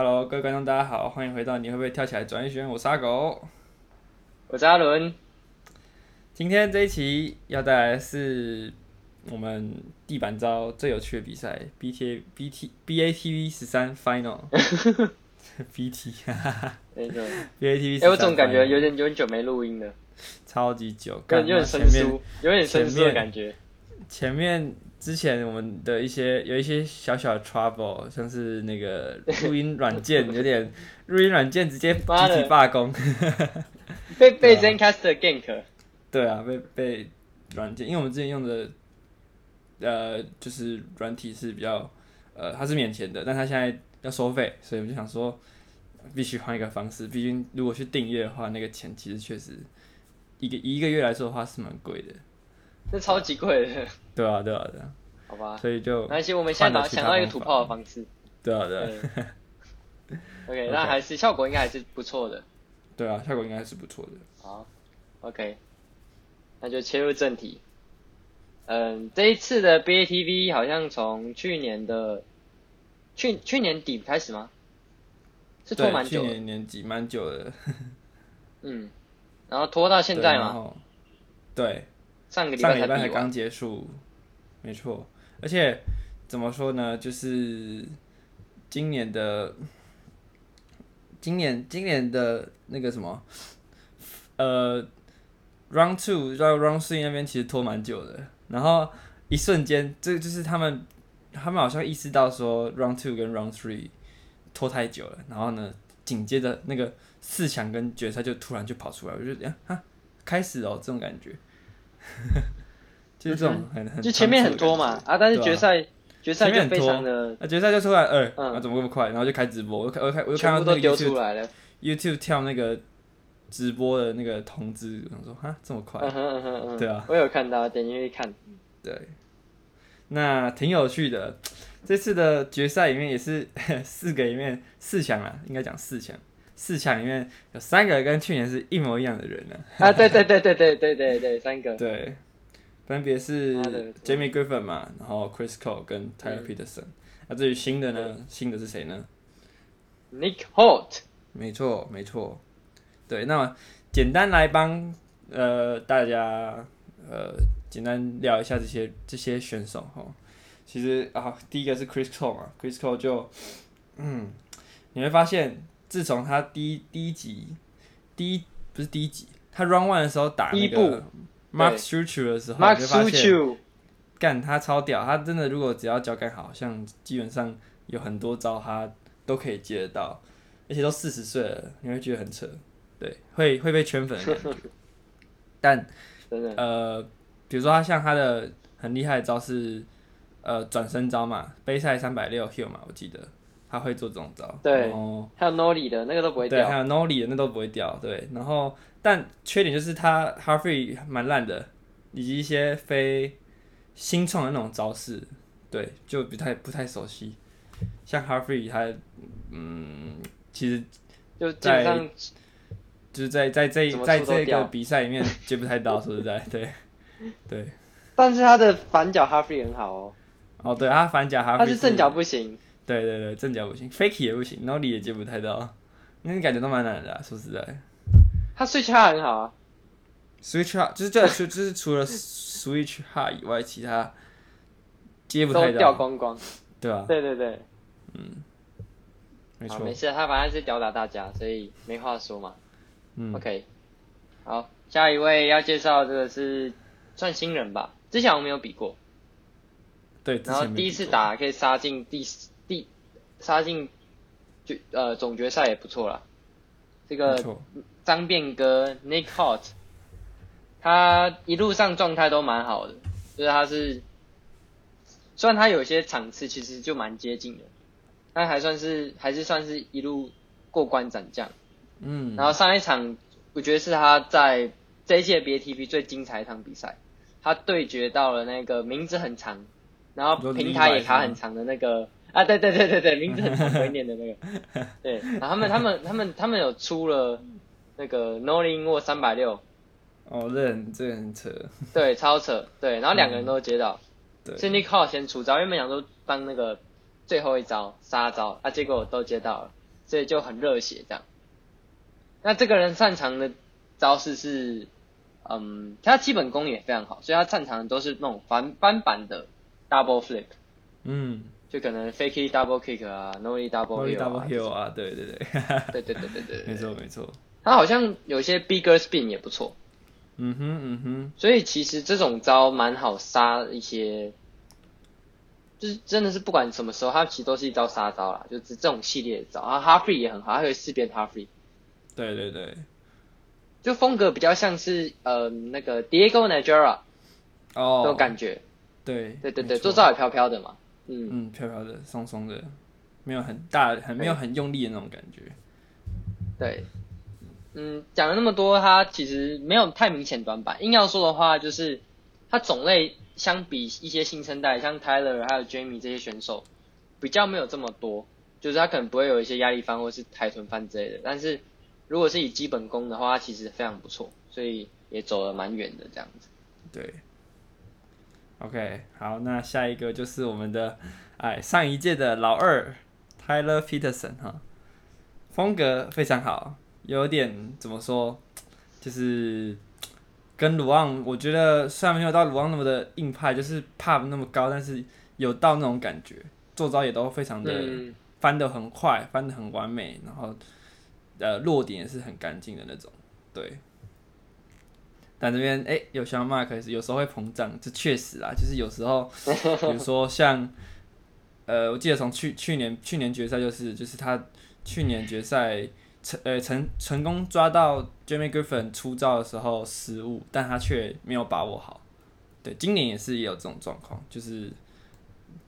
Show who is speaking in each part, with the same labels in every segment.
Speaker 1: Hello，各位觀眾，大家好，歡迎回到你會不會跳起來轉一圈？我是阿狗，我是阿倫。今天這一期要帶來的是我們地板招最有趣的比賽，B T B T B A T B 十三 Final。B T 哈哈 B A T
Speaker 2: B。哎、欸，我總感覺有點有點久沒錄音了，超級久，面有點生疏，有點生疏的感覺。前面。
Speaker 1: 前面之前我們的一些有一些小小的 trouble，像是那個錄音軟件有點，錄 音軟件直接發起罷工，了
Speaker 2: 被被 Zencastr gank、呃。
Speaker 1: 對啊，被被軟件，因為我們之前用的，呃，就是軟體是比較，呃，它是免錢的，但它現在要收費，所以我們就想說，必須換一個方式，畢竟如果去訂閱的話，那個錢其實確實，一個一個月來說的話是蠻貴的。
Speaker 2: 這超級貴的，
Speaker 1: 對啊，對啊，對啊。啊、好吧。所以就那行，我們想拿想到一個土炮的方式。對啊，對。啊。
Speaker 2: OK，那還是效果應該還是不錯的。
Speaker 1: 對啊，效果應該還是不錯的。
Speaker 2: 好，OK，那就切入正題。嗯，這一次的 BATB 好像從去年的去去年底開始嗎？是拖蠻久的，去年
Speaker 1: 年底蠻久的 。
Speaker 2: 嗯，然後拖到現在嘛。
Speaker 1: 對。
Speaker 2: 上個上個禮拜才剛
Speaker 1: 結束，沒錯，而且怎麼說呢？就是今年的今年今年的那個什麼呃 round two 到 round three 那邊其實拖蠻久的，然後一瞬間，這就是他們他們好像意識到說 round two 跟 round three 拖太久了，然後呢，緊接着那個四強跟決賽就突然就跑出來，我就覺得呀哈開始哦這種感覺。 就是這種很，很很就前面很多嘛，啊，但是決賽、啊、決賽面非常的，那、啊、決賽就出來二，欸嗯、啊，怎麼那麼快？然後就開直播，我看，我看，我看到都出來了 YouTube, YouTube 跳那個直播的那個通知，想說哈這麼快，對啊，
Speaker 2: 我有看到，點進去看，對，
Speaker 1: 那挺有趣的，這次的決賽裡面也是 四個裡面四強啦，應該講四強。四強裡面有三個跟去年是一模一樣的人呢、啊。啊，對對對
Speaker 2: 對對對對 對，對，對，對，對，三個。
Speaker 1: 對，分別是、啊、對對對 Jamie Griffin 嘛，然後 Chris Cole 跟 Tyler Peterson。那對、啊、至於新的呢？對新的是誰呢？Nick Holt。沒錯，沒錯。對，那麼簡單來幫呃大家呃簡單聊一下這些這些選手哈。其實啊，第一個是 Chris Cole 嘛，Chris Cole 就嗯你會發現。自從他第一第一集，第一不是第一集，他 run one 的時候打那個 Mark Suciu 對的時候，你就發現幹他超屌，他真的如果只要腳感好，像基本上有很多招他都可以接得到，而且都四十歲了，你會覺得很扯，對，會會被圈粉。 但的呃，比如說他像他的很厲害的招是呃轉身招嘛，杯賽三百六 hill 嘛，我記得。他會做這種招，對，後還有
Speaker 2: nollie 的那個都不會掉，對，
Speaker 1: 還有 nollie 的那個、都不會掉，對。然後，但缺點就是他 hardflip 蠻爛的，以及一些非新創的那種招式，對，就不太不太熟悉。像 hardflip，他，嗯，其實在，就基本上就在，就是在在這一在這一個比賽裡面接不太到，說實 在，對，對。
Speaker 2: 但是他的反腳 hardflip 很
Speaker 1: 好哦。哦，對，他反腳 hardflip，他是正腳不行。對對對，正腳不行 fakie 也不行 nollie 你也接不太到，那、嗯、你感覺都蠻難的、啊。說實在， 他 switch hard 很好啊 switch hard 就是這， 就是除了 switch hard 以外，其他接不太到。掉光光，對吧、啊？
Speaker 2: 對對對，嗯，
Speaker 1: 沒錯。沒
Speaker 2: 事、啊，他反正是吊打大家，所以沒話說嘛。嗯，OK，好，下一位要介紹這個是算新人吧，之前我沒有比過，對，然後第一次打可以殺進第殺進就呃總決賽也不錯啦。這個張變哥錯 Nick Hot，他一路上狀態都蠻好的，就是他是雖然他有些場次其實就蠻接近的，但還算是還是算是一路過關斬將。嗯，然後上一場我覺得是他在這一屆 BATB 最精彩一場比賽，他對決到了那個名字很長，然後平台也卡很長的那個。啊，對對對對對，名字很長不會念的那個， 對，然、啊、後他們他們他們他們，他們有出了那個 Nollie Inward 三百六，
Speaker 1: 哦，這很、個、這很扯，
Speaker 2: 對，超扯，對，然後兩個人都接到，嗯、對先去靠先出招，原本想說當那個最後一招殺招，啊，結果都接到了，所以就很熱血這樣。那這個人擅長的招式是，嗯，他基本功也非常好，所以他擅長的都是那種翻翻板的 double flip，嗯。就可能 fakey double kick 啊 nollie double heel 啊，啊，就是、對對對， 對，對，對對對對對，沒錯沒錯，他好像有些 bigger spin 也不錯、嗯，
Speaker 1: 嗯哼嗯哼，
Speaker 2: 所以其實這種招蠻好殺一些，就是真的是不管什麼時候，他其實都是一招殺招啦，就是這種系列的招，啊 half free 也很好，他會四遍 half free，對對對，就風格比較像是呃那個 Diego Najera 哦，那種感覺，對對對對，錯做招也飄飄的嘛。
Speaker 1: 嗯嗯，飄飄的，鬆鬆的，沒有很大，很沒有很用力的那種感覺。嗯、對，
Speaker 2: 嗯，講了那麼多，他其實沒有太明顯短板。硬要說的話，就是他種類相比一些新生代，像 Tyler 還有 Jamie 這些選手，比較沒有這麼多。就是他可能不會有一些壓力翻或是台臀翻之類的。但是，如果是以基本功的話，他其實非常不錯，所以也走了蠻遠的這樣子。
Speaker 1: 對。OK，好，那下一個就是我們的哎上一屆的老二 Tyler Peterson 哈，風格非常好，有點怎麼說，就是跟魯昂，我覺得雖然沒有到魯昂那麼的硬派，就是 pop 那麼高，但是有到那種感覺，做招也都非常的翻得很快，嗯、翻得很完美，然後呃落點也是很乾淨的那種，對。但這邊誒、欸，有像馬克也是有時候會膨脹，這確實啊，就是有時候， 比如說像，呃，我記得從去去年去年決賽就是就是他去年決賽成呃成成功抓到 Jimmy Griffin 出招的時候失誤，但他卻沒有把握好。對，今年也是也有這種狀況，就是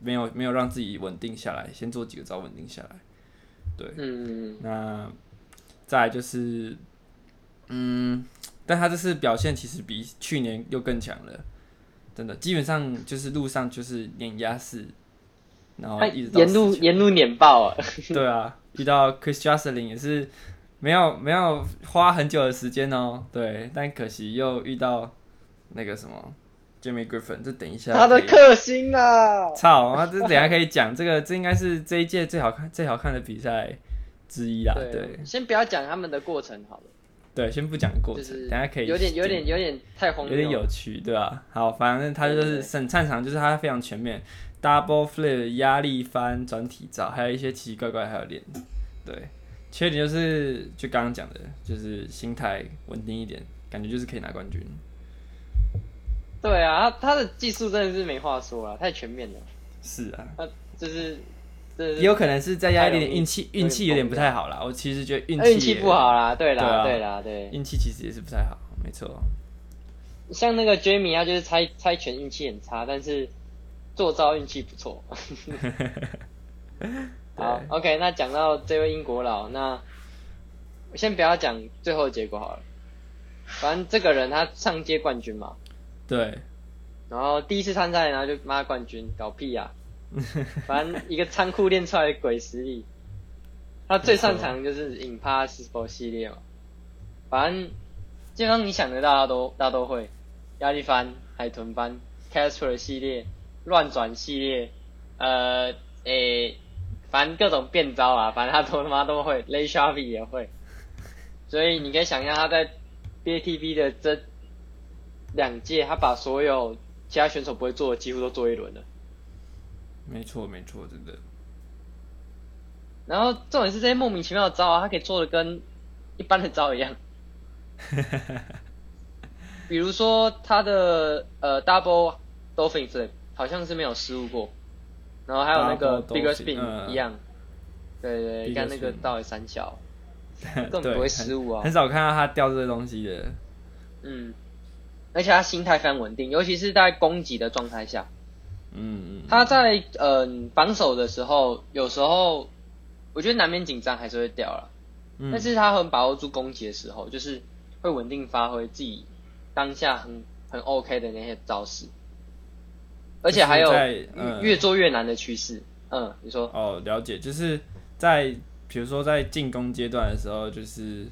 Speaker 1: 沒有沒有讓自己穩定下來，先做幾個招穩定下來。對，嗯，那再就是，嗯。但他這次表現其實比去年又更強了，真的，基本上就是路上就是碾壓式，然後一直、啊、沿路沿路碾爆啊！ 對啊，遇到 Chris Joslin 也是沒有沒有花很久的時間哦、喔。對，但可惜又遇到那個什麼 Jimmy Griffin，這等一下可他的克
Speaker 2: 星啊！
Speaker 1: 操，他這等一下可以講這個，這應該是這一屆最好看最好看的比賽之一啦。對，對對
Speaker 2: 先不要講他們的過程好了。
Speaker 1: 對，先不講過程，就是、等下可以有點有點有點太荒謬，有點有趣，對吧、啊？好，反正他就是很擅長，就是他非常全面對對對，double flip、壓力翻、轉體照，還有一些奇奇怪怪，還有點，對，缺點就是就剛剛講的，就是心態穩定一點，感覺就是可以拿冠軍。
Speaker 2: 對啊，他，他的技術真的是沒話說了，太全面了。是啊，他就是。也有可能是再加一點點運
Speaker 1: 氣，運氣有，有，有點不太好啦。我其實覺得運氣運氣不好啦，對啦，對，啊、對啦，對，運氣對其實也是不太好，沒錯。
Speaker 2: 像那個 Jamie，啊，就是猜猜拳運氣很差，但是做招運氣不錯。 對好，OK，那講到這位英國佬，那我先不要講最後結果好了。反正這個人他上屆冠軍嘛，
Speaker 1: 對，
Speaker 2: 然後第一次參賽然後就罵冠軍，搞屁啊！ 反正一個倉庫練出來的鬼實力，他最擅長的就是 Impossible 系列嘛。反正就當你想的大家都大家都會。壓力翻、海豚翻、Casper 系列、亂轉系列，呃，誒、欸，反正各種變招啊，反正他都他媽都會，Late Shuvit 也會。所以你可以想象他在 BATB 的這兩屆，他把所有其他選手不會做的，幾乎都做一輪了。
Speaker 1: 沒錯，沒錯，
Speaker 2: 真的。然後重點是這些莫名其妙的招啊，他可以做的跟一般的招一樣。 比如說他的呃 double dolphin flip 好像是沒有失誤過，然後還有那個 bigger spin、嗯、一樣。嗯、對，對對，你看那個到底三小， 對根本不會失誤啊、哦。很
Speaker 1: 少看到他掉這些東西的。
Speaker 2: 嗯，而且他心態非常穩定，尤其是在攻擊的狀態下。嗯嗯，他在嗯，呃，防守的時候，有時候我覺得難免緊張還是會掉了，嗯，但是他很把握住攻擊的時候，就是會穩定發揮自己當下很很 OK 的那些招式，
Speaker 1: 而且還有在，嗯，越做
Speaker 2: 越難的趨勢。
Speaker 1: 嗯，你說？哦，了解，就是在比如說在進攻階段的時候，就是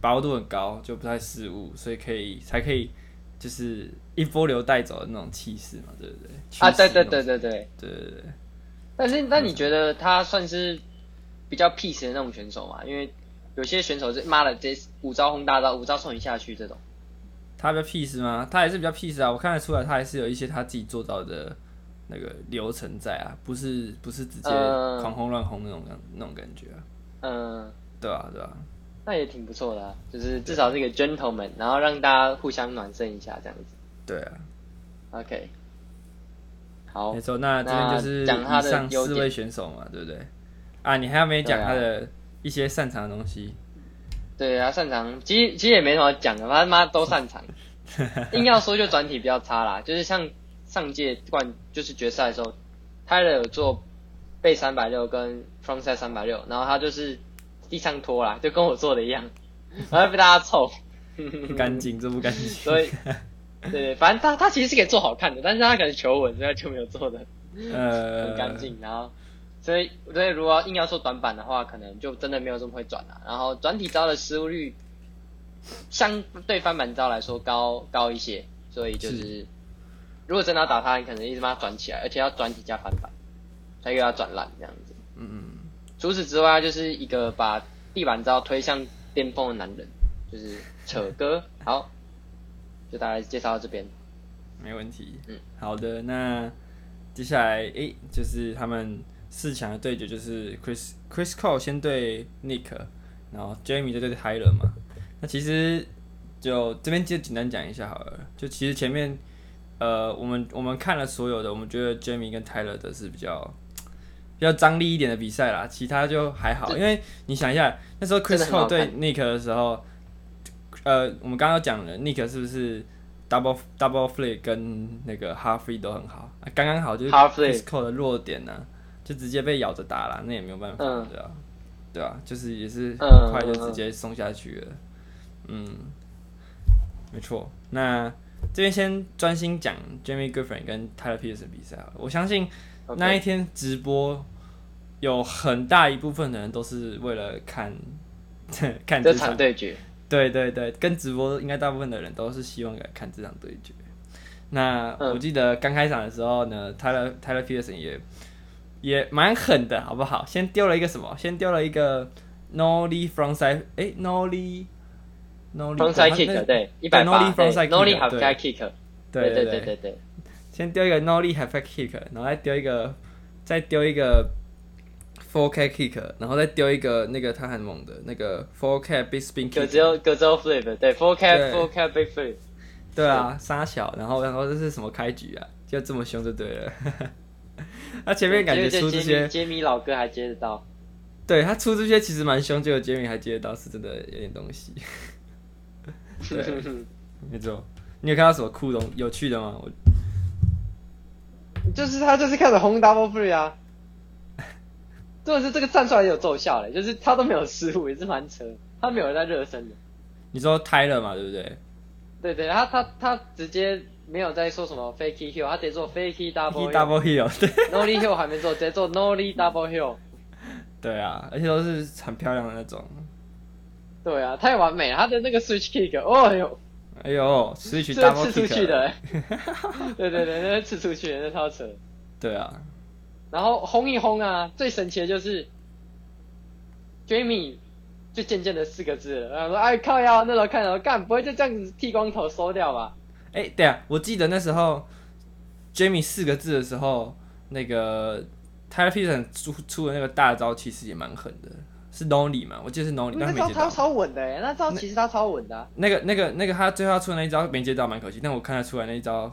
Speaker 1: 把握度很高，就不太失誤，所以可以才可以。就是一波流帶走的那種氣勢嘛，對不對？啊，對對對
Speaker 2: 對對對對對。但是，那你覺得他算是比較 peace 的那種選手嗎？因為有些選手是媽的這五招轟大招，五招送你下去這種。
Speaker 1: 他比較 peace 嗎？他還是比較 peace 啊！我看得出來，他還是有一些他自己做到的那個流程在啊，不是不是直接狂轟亂轟那種、嗯、那種感覺啊。嗯，對吧、啊？對吧、啊？
Speaker 2: 那也挺不錯的、啊，就是至少是一個 gentleman，對然後讓大家互相暖身一下這樣子。對啊。OK。
Speaker 1: 好。沒錯，那今天就是講他的四位選手嘛，對不對？啊，你還有沒講他的一些擅長的東西？
Speaker 2: 對啊，對啊，擅長其實其實也沒什麼講的，他媽都擅長。 硬要說就轉體比較差啦，就是像上屆冠，就是決賽的時候 Tyler 有做背三百六跟 frontside 三百六，然後他就是。地上拖啦，就跟我做的一樣，然後被大家臭。 乾淨真不乾淨。所以，對對，反正他他其實是可以做好看的，但是他可能求穩，所以他就沒有做的很乾淨。呃、然後，所以所以如果硬要說短板的話，可能就真的沒有這麼會轉了、啊。然後轉體招的失誤率相對翻板招來說高高一些，所以就是,是如果真的要打他，你可能一直把他轉起來，而且要轉體加翻板才給他又要轉爛這樣子。嗯嗯。除此之外，就是一個把地板招推向巔峰的男人，就是扯哥。好，就大概介紹到這邊，
Speaker 1: 沒問題。嗯，好的。那接下來，誒、欸，就是他們四強的對決，就是 Chris Chris Cole 先對 Nick，然後 Jamie 就對 Tyler 嘛。那其實就這邊就簡單講一下好了。就其實前面，呃，我們我們看了所有的，我們覺得 Jamie 跟 Tyler 的是比較。比較張力一點的比賽啦，其他就還好，這因為你想一下那時候 Chris Cole 對 Nick 的時候，呃，我們剛剛講了 Nick 是不是 double, double double flick 跟那個 half free 都很好，剛、啊、剛好就是 Chris Cole 的弱點呢、啊，就直接被咬着打了，那也沒有辦法，嗯、對啊，對吧，就是也是很快就直接送下去了，嗯，嗯嗯沒錯，那這邊先專心講 Jamie Griffin 跟 Tyler Peterson 的比賽，我相信那一天直播。有很大一部分的人都是為了看看這場對決，對對對，跟直播應該大部分的人都是希望來看這場對決。那、嗯、我記得剛開場的時候呢，泰勒泰勒皮爾森也也蠻狠的，好不好？先丟了一個什麼？先丟了一個 nolly from side 哎 nolly nolly from side kick、啊、對一百八 nolly from side nolly half kick 對對對對對，先丟一個 nolly half back kick，然後再丟一個，再丟一個。Four K kick，然後再丟一個那個他很猛的那個 four K big spin kick。格子
Speaker 2: 格子 flip，對 four K four K big flip。
Speaker 1: 對啊，三小，然後然後這是什麼開局啊？就這麼凶就對了。 他前面感覺出這些，傑
Speaker 2: 米老哥還接得到。
Speaker 1: 對他出這些其實蠻凶，結果傑米還接得到，是真的有點東西。 沒錯，你有看到什麼窟窿有趣的嗎？我
Speaker 2: 就是他，就是開始紅 double free 啊。對的是這個站出來也有奏效的就是他都沒有失誤，也是蠻扯。他沒有在熱身的。
Speaker 1: 你說泰勒嘛，對不對？
Speaker 2: 對對，他他他直接沒有在說什麼 fakie heel，他得做 fakie double heel。double heel，對。nollie heel 還沒做，得做 nollie double heel。
Speaker 1: 對啊，而且都是很漂亮的那種。
Speaker 2: 對啊，太完美了，他的那個 switch kick，哦喲。
Speaker 1: 哎呦 switch double kick、er。這刺
Speaker 2: 出去的。 對對對，那刺出去的，那套車對啊。然後轟一轟啊！最神奇的就是 Jamie 就漸漸的四個字，然後說：“哎靠腰！”那時候看到，幹不會就這樣子剃光頭收掉吧？哎、欸，
Speaker 1: 對啊，我記得那時候 Jamie 四個字的時候，那個 t e l e p o r 出出的那個大招，其實也蠻狠的，是 nollie 嘛？我記得是 nollie 但沒接到，那招超
Speaker 2: 超穩的、欸，那招其實他超穩的、啊
Speaker 1: 那。那個、那個、那個，他最後出的那一招沒接到，蠻可惜。但我看他出來那一招，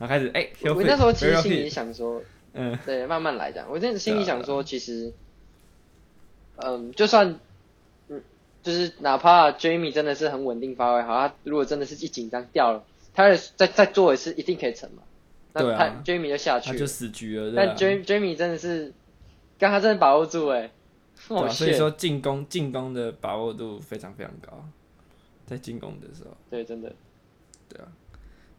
Speaker 1: 然後開始哎，
Speaker 2: 欸、我那時候其實心裡想說，嗯，對，慢慢來這樣。我這心裡想說，其實，啊啊、嗯，就算，嗯，就是哪怕 Jamie 真的是很穩定發揮，好，他如果真的是一緊張掉了，他也是再再做一次一定可以成嘛？
Speaker 1: 對那他對、啊、Jamie 就
Speaker 2: 下去了，他就死局了。對啊、但 J, Jamie 真的是，剛才真的把握住誒。哇！所以說
Speaker 1: 進攻進攻的把握度非常非常高，在進攻的時候，
Speaker 2: 對，真的，對啊。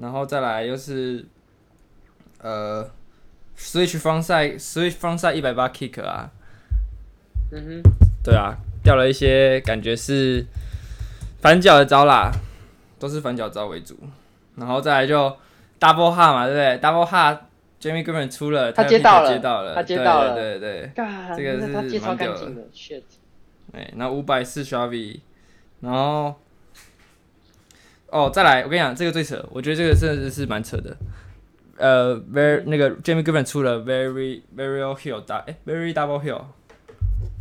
Speaker 1: 然後再來又是，呃，switch frontside，switch frontside 一百八 kick 啊，嗯哼，對啊，掉了一些，感覺是反腳的招啦，都是反腳招為主。然後再來就 double hard 嘛，對不對？double hard，Jimmy Griffin 出了，他接到了，接到了，他接到了對，對對對，幹這個是蠻屌的
Speaker 2: ，shit，
Speaker 1: 哎，那五百四 Rv，然後。哦，再來，我跟你講，這個最扯，我覺得這個真的是蠻扯的。呃，very，那個 Jamie Gaven 出了 very very heel 哎，very double heel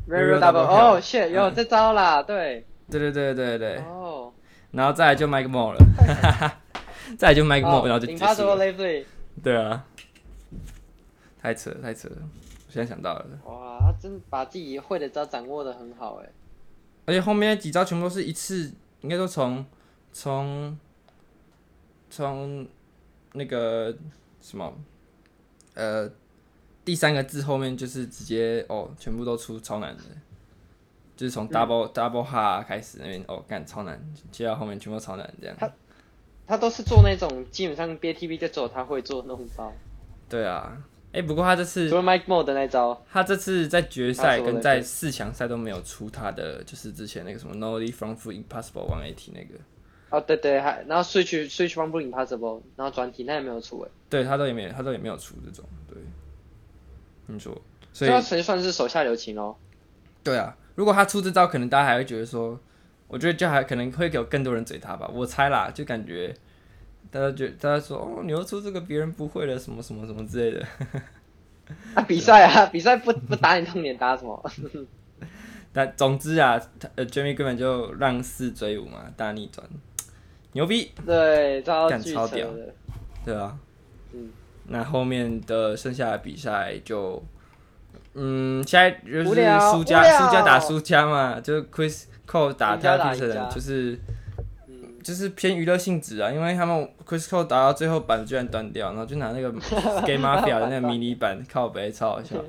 Speaker 1: very double。哦，shit，有
Speaker 2: 這招啦，對，
Speaker 1: 對對對對對。哦，然後再來就 Mike Mo 了，哈哈哈，再來就 Mike Mo，然後就引發對啊，太扯了，太扯了。我現在想到了，
Speaker 2: 哇，他真的把自己會的招掌握得很好
Speaker 1: 哎，而且後面那幾招全部都是一次，應該都從。從從那個什麼呃第三個字後面就是直接哦，全部都出超難的，就是從 double、嗯、double hard 開始那邊哦，幹超難，接到後面全部超難這樣。
Speaker 2: 他他都是做那種基本上 BATB 就做他會做那包。
Speaker 1: 對啊，
Speaker 2: 哎、欸、不過他這次
Speaker 1: 他這次在決賽跟在四強賽都沒有出他的，他的那個、就是之前那個什麼 Nollie from Impossible 180那個。
Speaker 2: 哦，oh, 對對，還然後 switch switch one blue impossible，然後轉體那也沒有出誒，
Speaker 1: 對他倒也沒有，他倒也沒有出這種，對，你說，所以這招
Speaker 2: 算是手下留情哦。
Speaker 1: 對啊，如果他出這招，可能大家還會覺得說，我覺得就還可能會有更多人嘴他吧，我猜啦，就感覺大家覺大家說哦，你又出這個別人不會的什麼什麼什麼之類的。
Speaker 2: 啊，比賽啊，比賽不不打你痛點，打什麼？
Speaker 1: 但總之啊，呃，Jimmy 根本就讓四追五嘛，大逆轉。牛逼，
Speaker 2: 對，的超屌，
Speaker 1: 對啊，嗯，那後面的剩下的比賽就，嗯，現在就是輸家，輸聊家打輸家嘛，就是 Chris Cole 打他巨人，就是，就是偏娛樂性質啊，因為他們 Chris Cole 打到最後板居然斷掉，然後就拿那個 Skate Mafia 的那個迷你板 靠北，超好笑，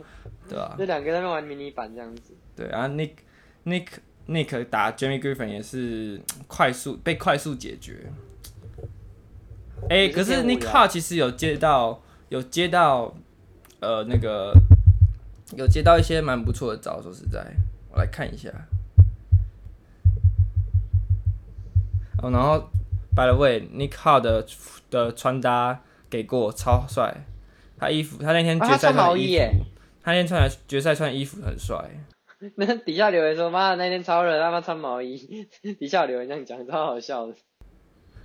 Speaker 1: 對吧、啊？這兩個在那玩迷你
Speaker 2: 板這樣
Speaker 1: 子，對啊，Nick，Nick。Nick, Nick, Nick 打 Jimmy Griffin 也是快速被快速解決。誒、欸，可是 Nick h a 其實有接到有接到呃那個有接到一些蠻不錯的招。說實在，我來看一下。哦，然後 By the way，Nick h a 的的穿搭給過超帥。他衣服他那天決賽穿的衣服，他那天決穿決賽穿的衣服很帥。
Speaker 2: 那 底下留言說：“媽的，那天超熱，他媽穿毛衣。”底下留言這樣講，超好笑的。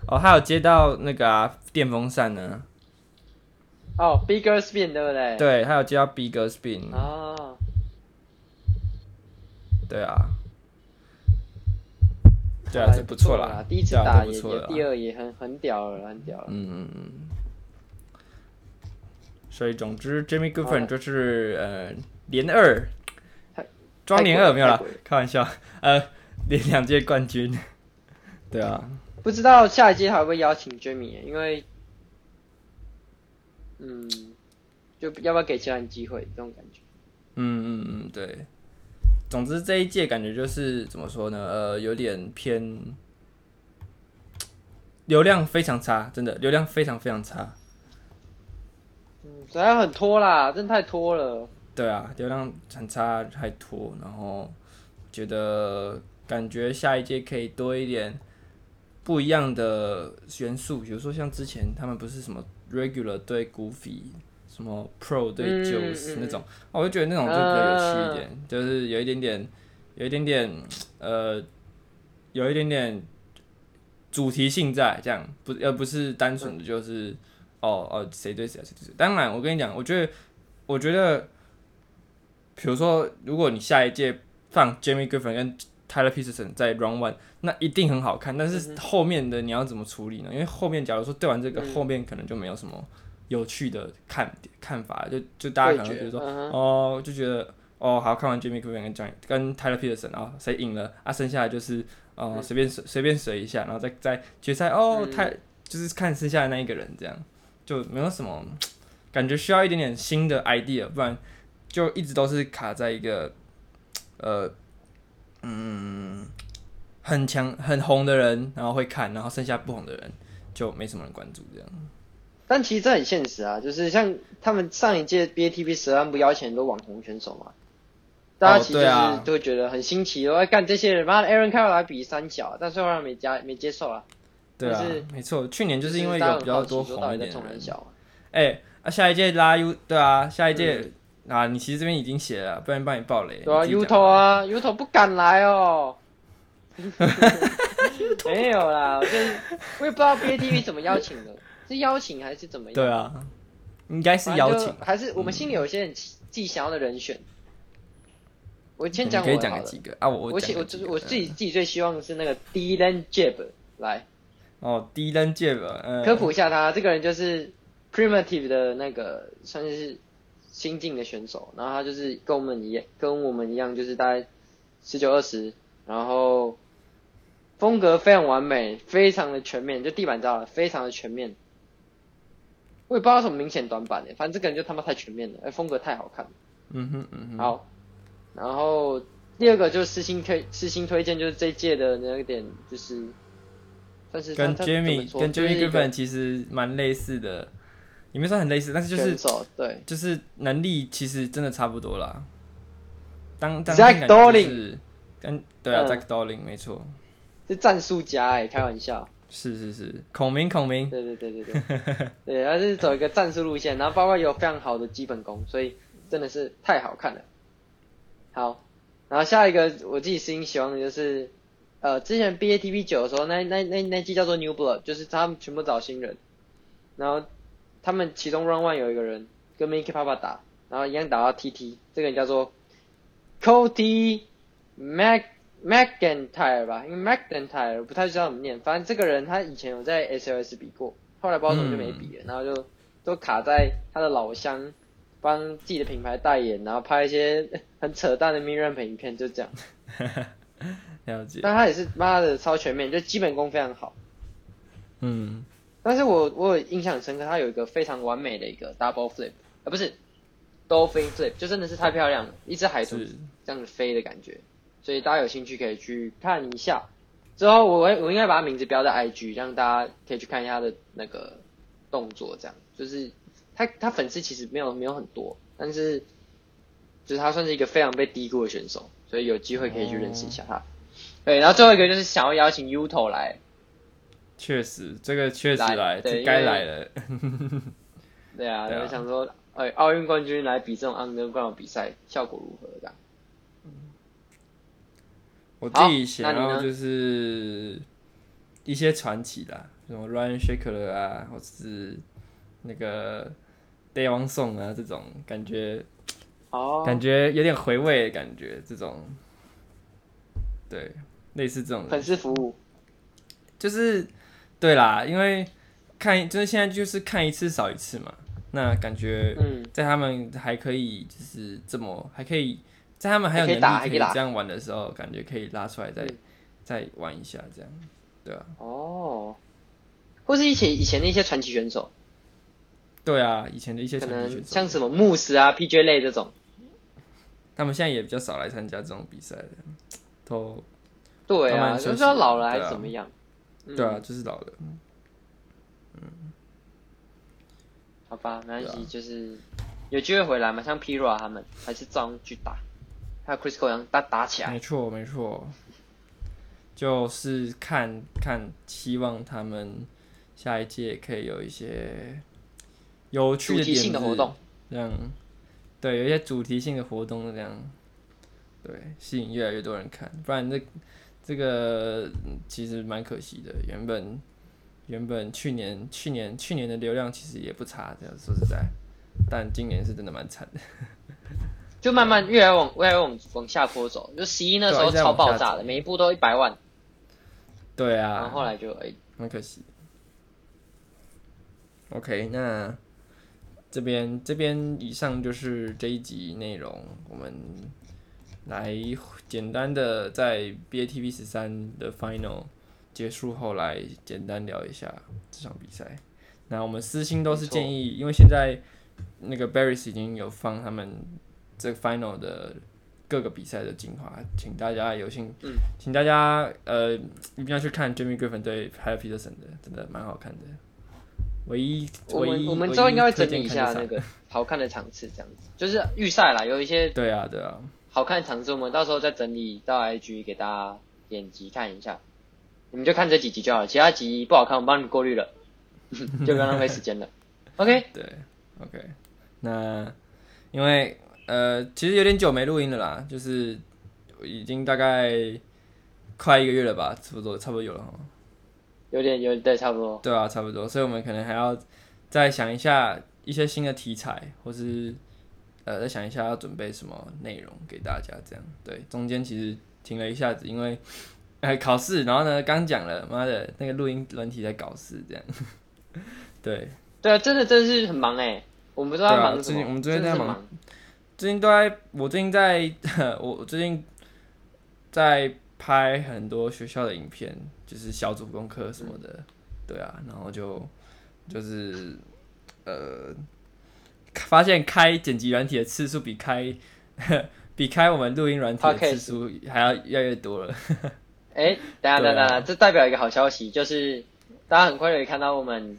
Speaker 1: 哦，還有接到那個、啊、電風扇呢。哦、
Speaker 2: oh,bigger spin 對不對？對，還有
Speaker 1: 接到 bigger spin。哦，oh. 對啊。對啊，就好不錯了。錯啦，第一次打也不錯了，第
Speaker 2: 二也很很屌了，很屌
Speaker 1: 了。嗯嗯嗯。所以總之，Jimmy Griffin 就是好呃，連二。莊零二沒有了，開玩笑，呃，連兩屆冠軍，對啊，不
Speaker 2: 知道下一屆還會不會邀請 Jamie，因為，嗯，就要不要給其他人機會這種感覺？嗯嗯嗯，對，
Speaker 1: 總之這一屆感覺就是怎麼說呢？呃，有點偏，流量非常差，真的流量非常非常差，
Speaker 2: 嗯，主要很拖啦，真的太拖了。
Speaker 1: 對啊，流量很差，太多，然後覺得感覺下一屆可以多一點不一樣的元素，比如說像之前他們不是什麼 regular 對 goofy，什麼 pro 對 juice 那種，嗯哦、我就覺得那種就比較有趣一點，呃、就是有一點點，有一點點，呃，有一點點主題性在，這樣不而不是單純的，就是哦哦誰對誰、啊、誰對誰，當然我跟你講，我覺得我覺得。比如說，如果你下一屆放 Jimmy Griffin 跟 Tyler Peterson 在 Round One，那一定很好看。但是後面的你要怎麼處理呢？嗯、哼因為後面假如說對完這個，嗯、後面可能就沒有什麼有趣的看看法就就大家可能覺得說，嗯、哦，就覺得哦，好，看完 Jimmy Griffin 跟 John 跟 Tyler Peterson，然後誰贏了啊？剩下來就是呃，隨對 便隨隨便隨一下，然後再再決賽哦，嗯、太就是看剩下的那一個人這樣，就沒有什麼感覺，需要一點點新的 idea，不然。就一直都是卡在一個，呃，嗯，很強很紅的人，然後會看，然後剩下不紅的人就沒什麼人關注這樣。
Speaker 2: 但其實這很現實啊，就是像他們上一屆 B A T B 十二不邀請很多網紅選手嘛，大家其實都、哦啊、覺得很新奇哦，哎幹這些人，媽的 Aaron 開我來比三小，但最後讓沒加沒接受了，啊。對啊，是
Speaker 1: 沒錯，去年就是因為有比較多同一小哎，那、欸啊、下一屆拉 U 對啊，下一屆。啊，你其實這邊已經寫了，不然幫你爆雷、啊、了。對啊，U 頭
Speaker 2: 啊，U 頭不敢來哦。沒有啦，我最近我也不知道 BATB 怎麼邀請的， 是邀請還是怎麼樣？對啊，
Speaker 1: 應該是邀請。
Speaker 2: 還是我們心裡有些人自己想要的人選。嗯、我先講，你可以講幾個啊？我我我我自己，我自,己我自己最希望的是那個 Dylan Jeb 來。
Speaker 1: 哦，Dylan Jeb、嗯、科普一
Speaker 2: 下他，這個人就是 Primitive 的那個，算是。新進的選手，然後他就是跟我們一樣，跟我們一樣就是大概十九二十，然後風格非常完美，非常的全面，就地板照了，非常的全面。我也不知道什麼明顯短板嘞、欸，反正這個人就他媽太全面了，哎、欸，風格太好看了。嗯哼嗯哼。好，然後第二個就是私心推，私心推薦就是這屆的那個點就是，但是跟 Jimmy 跟，跟 Jimmy Griffin
Speaker 1: 其實蠻類似的。你們說很類似，但是就是對，就是能力其實真的差不多啦。
Speaker 2: 當在刀林，就是、
Speaker 1: 跟對啊，在刀林沒錯，
Speaker 2: 是戰術家哎、欸，開玩笑。
Speaker 1: 是是是，孔明孔明。
Speaker 2: 對對對對對， 對他是走一個戰術路線，然後包括有非常好的基本功，所以真的是太好看了。好，然後下一個我自己私心喜歡的就是，呃，之前 BATB 九的時候，那那那那季叫做 New Blood，就是他們全部找新人，然後。他們其中 Run One 有一個人跟 Mikey Papa 打，然後一樣打到 TT，這個人叫做 Cody Mc McEntire 吧，因為 McEntire 不太知道怎麼念，反正這個人他以前有在 SLS 比過，後來不知道怎麼就沒比了，嗯、然後就都卡在他的老鄉幫自己的品牌代言，然後拍一些很扯淡的 mini ramp 影片，就這樣。
Speaker 1: 了解。但他
Speaker 2: 也是媽的超全面，就基本功非常好。嗯。但是我我有印象很深刻，他有一個非常完美的一個 double flip，啊、呃、不是 dolphin flip，就真的是太漂亮了，對一隻海豚這樣子飛的感覺，所以大家有興趣可以去看一下。之後我我應該把他名字標在 IG，讓大家可以去看一下他的那個動作，這樣。就是他他粉絲其實沒有沒有很多，但是就是他算是一個非常被低估的選手，所以有機會可以去認識一下他。哦、對，然後最後一個就是想要邀請、y、Uto 來。
Speaker 1: 確實，這個確實來，該來，來了。為 對啊，
Speaker 2: 對啊想說，哎、欸，奧運冠軍來比這種安哥冠比賽，效果如何的、啊？這樣。
Speaker 1: 我自己想要就是一些傳奇的、啊，什麼 Ryan Sheckler 啊，或者是那個 Daewon Song 啊，這種感覺，oh、感覺有點回味，感覺這種，對，類似這種粉絲服務，就是。對啦，因為看就是現在就是看一次少一次嘛，那感覺在他們還可以就是這麼、嗯、還可以在他們還有年齡可以這樣玩的時候，感覺可以拉出來再、嗯、再玩一下這樣，對啊。
Speaker 2: 哦，或是以前以前的一些傳奇選手，
Speaker 1: 對啊，以前的一些傳奇選手。像什麼木石啊、P J 類這種，他們現在也比較少來參加這種比賽的，都對啊，所以說知道老了還怎麼樣。
Speaker 2: 對啊，
Speaker 1: 就是老了。嗯，嗯，
Speaker 2: 好吧，沒關係，啊、就是有機會回來嘛，像 P-Rod 他們還是照樣去打。還有 Chrisco 他們打打起來。
Speaker 1: 沒錯，沒錯，就是看看，希望他們下一屆可以有一些有趣的點子，這樣對，有一些主題性的活動這樣，對，吸引越來越多人看，不然那。這個其實蠻可惜的，原本原本去年去年去年的流量其實也不差，這樣說實在，但今年是真的蠻慘的，
Speaker 2: 就慢慢越來越往越來越往往下坡走，就十一那時候超爆炸的，每一步都一百萬，對
Speaker 1: 啊，對啊，然後後來就哎，很可惜的。OK，那這邊這邊以上就是這一集內容，我們。來簡單的在 B A T B 十三的 final 結束後來簡單聊一下這場比賽。那我們私心都是建議，沒錯。因為現在那個 Berrics 已經有放他們這 final 的各個比賽的精華，請大家有幸，嗯、請大家呃一定要去看 Jimmy Griffin 對還有 Peterson
Speaker 2: 的，真的蠻好看的。唯一唯一，我們之後應該會整理一下那個好看的場次，這樣子 就是預賽了，有一些對啊，對啊。好看的場篇，我們到時候再整理到 IG 給大家點擊看一下，你們就看這幾集就好，其他集不好看，我幫你過濾了， 就不要浪費時間了。 OK？對，OK。
Speaker 1: 那因為呃，其實有點久沒錄音了啦，就是已經大概快一個月了吧，差不多差不多有了，
Speaker 2: 有點有
Speaker 1: 點對，差不多。對啊，差不多，所以我們可能還要再想一下一些新的題材，或是。呃，再想一下要準備什麼內容給大家，這樣，對。中間其實停了一下子，因為，哎，考試。然後呢，剛講了，媽的，那個錄音軟體在搞事，這樣。對。
Speaker 2: 對啊，真的真是很忙誒、欸。我們不知道在忙什麼。對啊，最近我們最近在忙。忙
Speaker 1: 最近都在，我最近在，我最近在拍很多學校的影片，就是小組功課什麼的。對啊，然後就就是呃。發現開剪輯軟體的次數比開呵比開我們錄音軟體的次數還要要越來越多了。
Speaker 2: 哎、欸，等一下，這代表一個好消息，就是大家很快就可以看到我們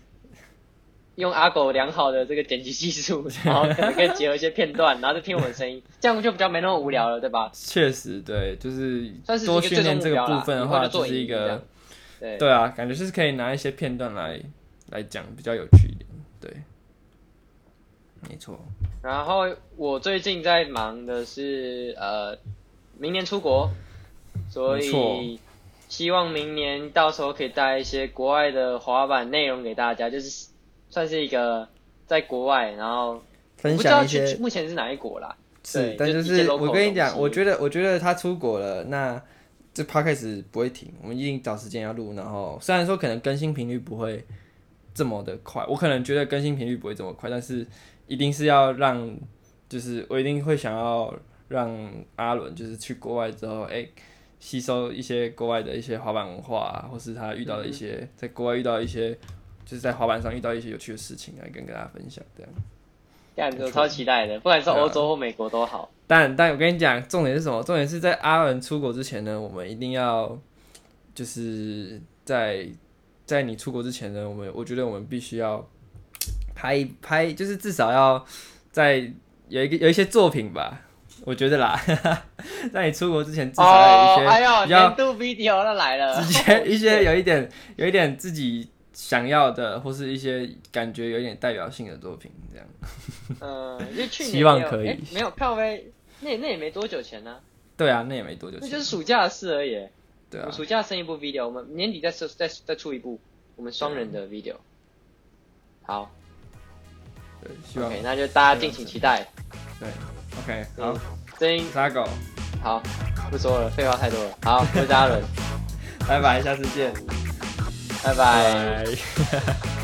Speaker 2: 用阿狗良好的這個剪輯技術，然後可能結合一些片段， 然後就聽我的聲音，這樣就比較沒那麼無聊了，對吧？
Speaker 1: 確實，對，就是是多訓練這個部分的話，就是一個對對啊，感覺就是可以拿一些片
Speaker 2: 段來來講，比較有趣一點，對。
Speaker 1: 沒錯，
Speaker 2: 然後我最近在忙的是呃，明年出國，所以希望明年到時候可以帶一些國外的滑板內容給大家，就是算是一個在國外，然後我不知道
Speaker 1: 分享一些。目
Speaker 2: 前是哪一國啦？是，對就但就是我跟你講，東西 我覺
Speaker 1: 得我覺得他出國了，那這 Podcast 不會停，我們一定找時間要錄。然後雖然說可能更新頻率不會這麼的快，我可能覺得更新頻率不會這麼快，但是。一定是要讓，就是我一定會想要讓阿倫就是去國外之後，哎、欸，吸收一些國外的一些滑板文化啊，或是他遇到的一些、嗯、哼在國外遇到一些，就是在滑板上遇到一些有趣的事情來跟大家分享，這樣子。我超
Speaker 2: 期待的，不管是歐洲或美國都好。
Speaker 1: 啊、但但我跟你講，重點是什麼？重點是在阿倫出國之前呢，我們一定要，就是在在你出國之前呢，我們我覺得我們必須要。拍拍就是至少要在有一個有一些作品吧，我覺得啦。哈哈。在你出國之前，至少有一些要 d
Speaker 2: video 就來了，直接
Speaker 1: 一些有一點有一點自己想要的，或是一些感覺有一點代表性的作品這樣。嗯、呃，
Speaker 2: 就去年希望可以、欸、沒有票唄，那那也沒多久前呢、
Speaker 1: 啊。對啊，那也沒多久。那就是暑
Speaker 2: 假的事而已。對啊，暑假生一部 video，我們年底再再再出一部我們雙人的 video。對好。希望，需 okay, 那就大家敬請期待。對，OK，好，聲音傻狗，Chicago 好，不說了，廢話太多了。好，周嘉倫， 拜拜，下次見，拜拜。Bye.